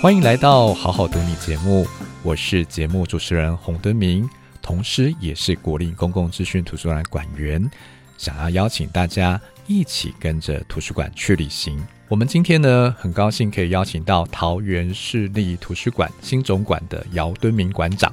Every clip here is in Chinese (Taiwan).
歡迎來到《好好讀你》節目，我是節目主持人洪敦明，同時也是國立公共資訊圖書館的館員，想要邀請大家一起跟着圖書館去旅行。我們今天呢，很高興可以邀請到桃園市立圖書館新總館的姚敦明館長，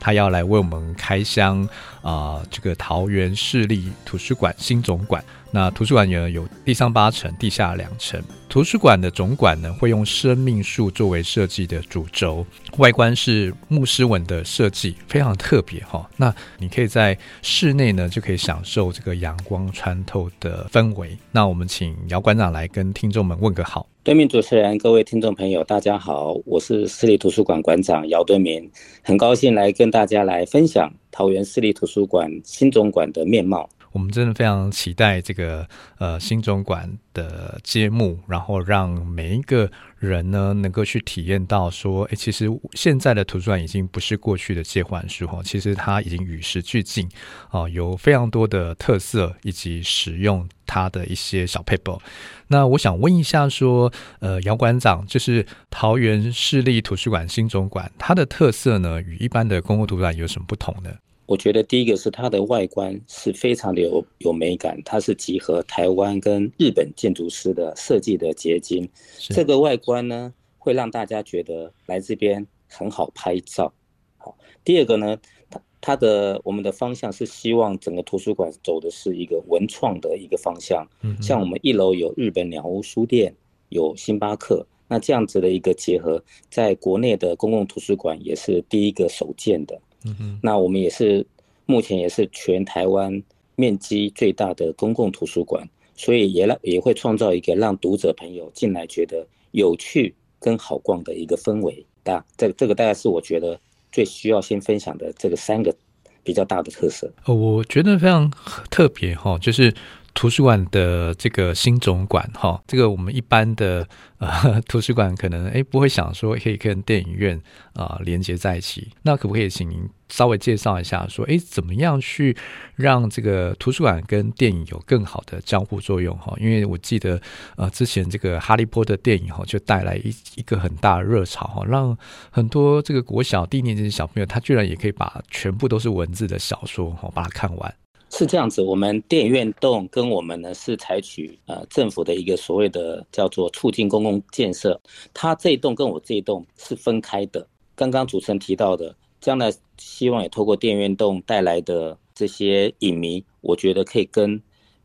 他要來為我們開箱。啊、呃，這個桃園市立圖書館新總館，那圖書館呢有地上八層，地下兩層。圖書館的總館呢會用生命樹作為設計的主軸，外觀是木飾紋的設計，非常特別哈、哦。那你可以在室內呢就可以享受這個陽光穿透的氛圍。那我們請姚館長來跟聽眾們問個好。對面主持人，各位聽眾朋友，大家好，我是市立圖書館館長姚敦明，很高興來跟大家來分享桃園市立圖書館新總館的面貌。我們真的非常期待這個呃新總館的揭幕，然後讓每一個人呢能夠去體驗到說，哎，其實現在的圖書館已經不是過去的借還書哈，其實它已經與時俱進哦，呃，有非常多的特色以及使用它的一些小撇步。那我想問一下說，呃，姚館長，就是桃園市立圖書館新總館，它的特色呢與一般的公共圖書館有什麼不同呢？我覺得第一個是它的外觀是非常的有有美感，它是集合台灣跟日本建築師的設計的結晶。是這個外觀呢會讓大家覺得來這邊很好拍照。好，第二個呢，它它的我們的方向是希望整個圖書館走的是一個文創的一個方向。嗯哼，像我們一樓有日本蔦屋書店，有星巴克，那這樣子的一個結合，在國內的公共圖書館也是第一個首建的。嗯哼，那我們也是，目前也是全台灣面積最大的公共圖書館，所以也也會創造一個讓讀者朋友進來覺得有趣跟好逛的一個氛圍，大，這這個大概是我覺得最需要先分享的這個三個比較大的特色，哦。我覺得非常特別，哦，就是。圖書館的這個新總館哈，這個我們一般的呃圖書館可能誒不會想說可以跟電影院啊、呃、連接在一起。那可不可以請您稍微介紹一下說，說誒怎麼樣去讓這個圖書館跟電影有更好的交互作用哈？因為我記得呃之前這個哈利波特電影哈就帶來一一個很大的熱潮哈，讓很多這個國小低年級的小朋友他居然也可以把全部都是文字的小說哈把它看完。是這樣子，我們電影院棟跟我們呢是採取呃、啊、政府的一個所謂的叫做促進公共建設，它這一棟跟我這一棟是分開的。剛剛主持人提到的，將來希望也透過電影院棟帶來的這些影迷，我覺得可以跟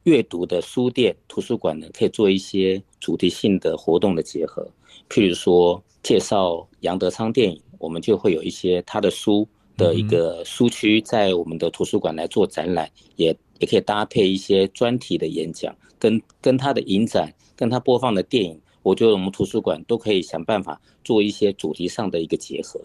閱讀的書店、圖書館呢，可以做一些主題性的活動的結合，譬如說介紹楊德昌電影，我們就會有一些他的書。的一個書區在我們的圖書館來做展覽，也、嗯、也可以搭配一些專題的演講，跟跟他的影展，跟他播放的電影，我覺得我們圖書館都可以想辦法做一些主題上的一個結合。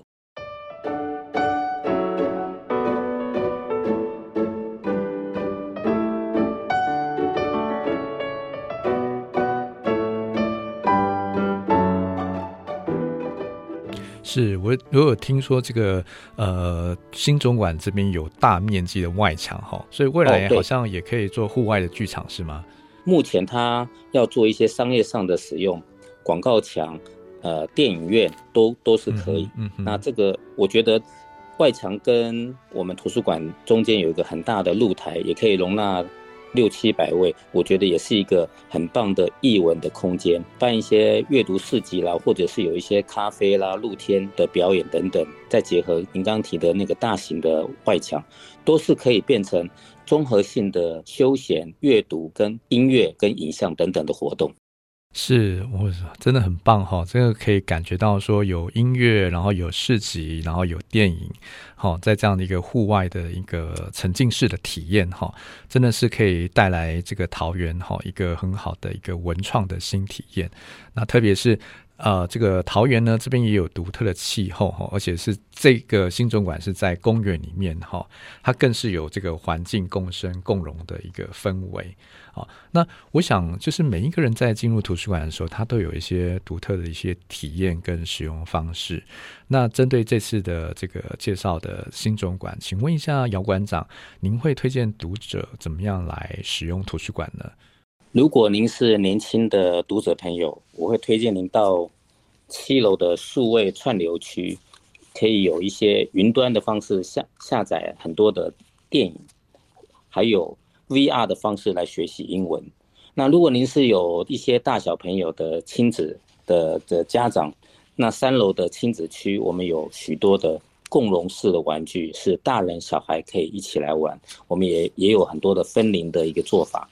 是我，我有聽說這個，呃，新總館這邊有大面積的外牆哈，所以未來好像也可以做戶外的劇場、哦、是嗎？目前它要做一些商業上的使用，廣告牆，呃，電影院都都是可以。嗯嗯、那這個我覺得外牆跟我們圖書館中間有一個很大的露台，也可以容納。六七百位，我覺得也是一個很棒的藝文的空間。辦一些閱讀市集啦，或者是有一些咖啡啦、露天的表演等等，再結合您剛提的那個大型的外牆，都是可以變成綜合性的休閒、閱讀、跟音樂、跟影像等等的活動。是我真的很棒哈，這個可以感覺到說有音樂，然後有市集，然後有電影，好在這樣的一個戶外的一個沉浸式的體驗哈，真的是可以帶來這個桃園哈一個很好的一個文創的新體驗，那特別是。呃，這個桃園呢，這邊也有獨特的氣候哈，而且是這個新總館是在公園裡面哈，它更是有這個環境共生共榮的一個氛圍。好，那我想就是每一個人在進入圖書館的時候，他都有一些獨特的一些體驗跟使用方式。那針對這次的這個介紹的新總館，請問一下姚館長，您會推薦讀者怎麼樣來使用圖書館呢？如果您是年輕的讀者朋友，我會推薦您到七樓的數位串流區，可以有一些雲端的方式下下載很多的電影，還有 VR 的方式來學習英文。那如果您是有一些大小朋友的親子的的家長，那三樓的親子區我們有許多的共融式的玩具，是大人小孩可以一起來玩。我們也也有很多的分齡的一個做法。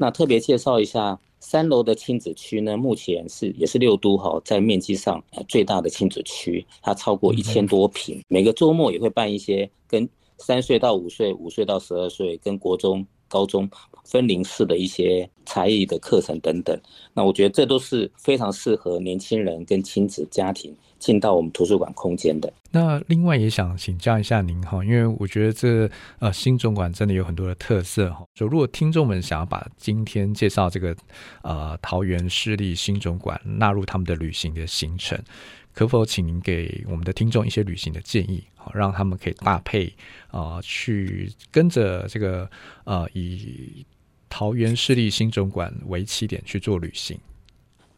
那特別介紹一下三樓的親子區呢，目前是也是六都哈在面積上、呃、最大的親子區，它超過一千多坪，每個周末也會辦一些跟三歲到五歲、五歲到十二歲跟國中、高中。分齡式的一些才藝的課程等等，那我覺得這都是非常適合年輕人跟親子家庭進到我們圖書館空間的。那另外也想請教一下您哈，因為我覺得這個、呃新總館真的有很多的特色哈。就如果聽眾們想要把今天介紹這個呃桃園市立新總館納入他們的旅行的行程，可否請您給我們的聽眾一些旅行的建議，好讓他們可以搭配啊、呃、去跟着這個呃以。桃園市立新總館為起點去做旅行，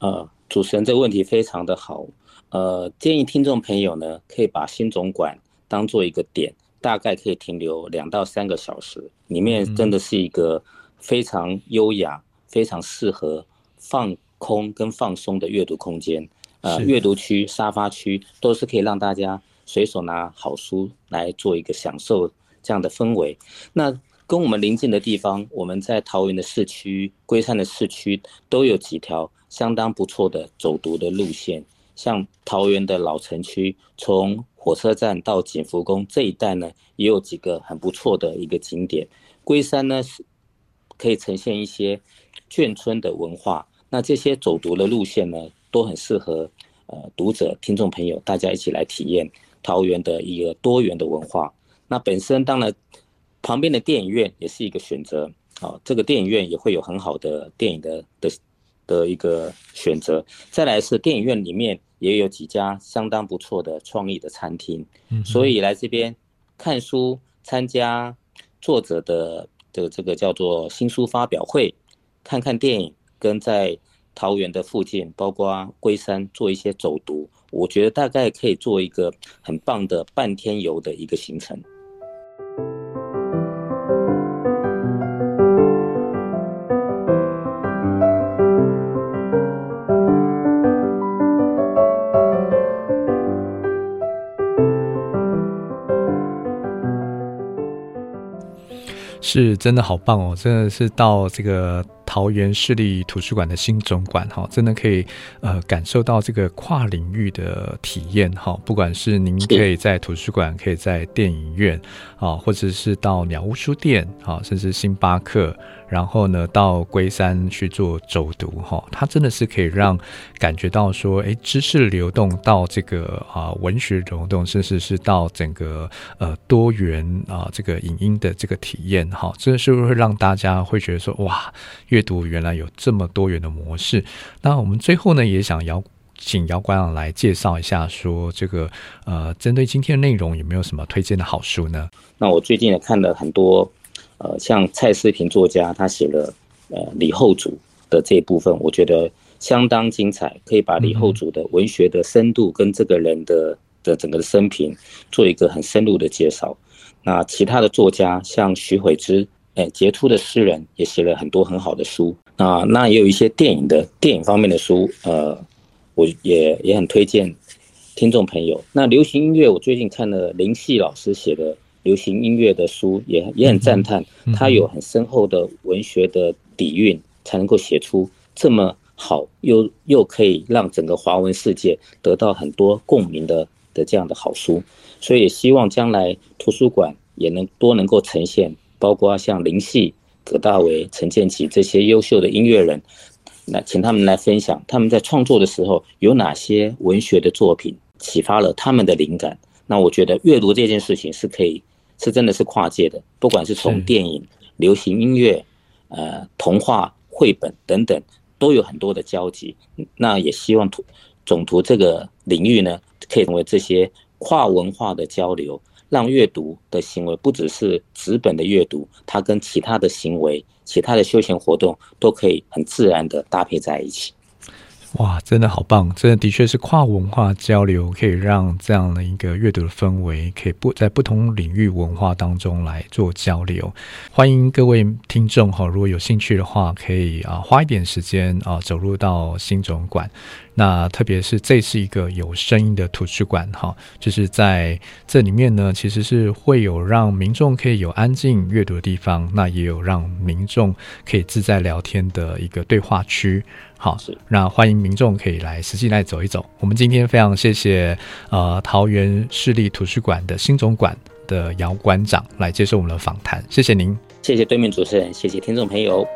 呃，主持人這個問題非常的好，呃，建議聽眾朋友呢可以把新總館當做一個點，大概可以停留兩到三個小時，裡面真的是一個非常優雅、嗯、非常適合放空跟放鬆的閱讀空間，呃，是、閱讀區、沙發區都是可以讓大家隨手拿好書來做一個享受這樣的氛圍，那。跟我們臨近的地方，我們在桃園的市區、龜山的市區都有幾條相當不錯的走讀的路線。像桃園的老城區，從火車站到景福宮這一帶呢，也有幾個很不錯的一個景點。龜山呢，可以呈現一些眷村的文化。那這些走讀的路線呢，都很適合呃讀者、聽眾朋友大家一起來體驗桃園的一個多元的文化。那本身當然。旁邊的電影院也是一個選擇，啊，這個電影院也會有很好的電影的的的一個選擇。再來是電影院裡面也有幾家相當不錯的創意的餐廳，所以來這邊看書、參加作者的的這個叫做新書發表會，看看電影，跟在桃園的附近，包括龜山做一些走讀，我覺得大概可以做一個很棒的半天遊的一個行程。是真的好棒哦，真的是到這個桃園市立圖書館的新總館哈，真的可以呃感受到這個跨領域的體驗哈，不管是您可以在圖書館，可以在電影院啊，或者是到蔦屋書店啊，甚至星巴克。然後呢，到龜山去做走讀，哈，它真的是可以讓感覺到說，哎，知識流動到這個啊、呃，文學流動，甚至是，是到整個呃多元啊、呃、這個影音的這個體驗，哈、哦，這是不是會讓大家會覺得說，哇，閱讀原來有這麼多元的模式？那我們最後呢，也想邀請姚館長來介紹一下說，說這個呃，針對今天的內容，有沒有什麼推薦的好書呢？那我最近也看了很多。呃，像蔡思平作家，他寫了呃李後主的這一部分，我覺得相當精彩，可以把李後主的文學的深度跟這個人的的整個的生平做一個很深入的介紹。那其他的作家，像許悔之，哎、欸、傑出的詩人，也寫了很多很好的書。啊，那也有一些電影的電影方面的書，呃，我也也很推薦聽眾朋友。那流行音樂，我最近看了林夕老師寫的。流行音樂的書也也很讚嘆，他有很深厚的文學的底蘊，才能夠寫出這麼好又又可以讓整個華文世界得到很多共鳴的的這樣的好書，所以也希望將來圖書館也能多能夠呈現，包括像林夕、葛大為、陳建騏這些優秀的音樂人，那請他們來分享他們在創作的時候有哪些文學的作品啟發了他們的靈感。那我覺得閱讀這件事情是可以。是真的是跨界的，不管是從電影、流行音樂、呃，童話、繪本等等，都有很多的交集。那也希望圖，總圖這個領域呢，可以成為這些跨文化的交流，讓閱讀的行為不只是紙本的閱讀，它跟其他的行為、其他的休閒活動都可以很自然的搭配在一起。哇，真的好棒！真的的確是跨文化交流，可以讓這樣的一個閱讀的氛圍，可以不在不同領域文化當中來做交流。歡迎各位聽眾哈，如果有興趣的話，可以啊花一點時間啊走入到新總館。那特別是這是一個有聲音的圖書館哈，就是在這裡面呢，其實是會有讓民眾可以有安靜閱讀的地方，那也有讓民眾可以自在聊天的一個對話區。好，那歡迎民眾可以來實際來走一走。我們今天非常謝謝呃桃園市立圖書館的新總館的姚館長來接受我們的訪談，謝謝您，謝謝對面主持人，謝謝聽眾朋友。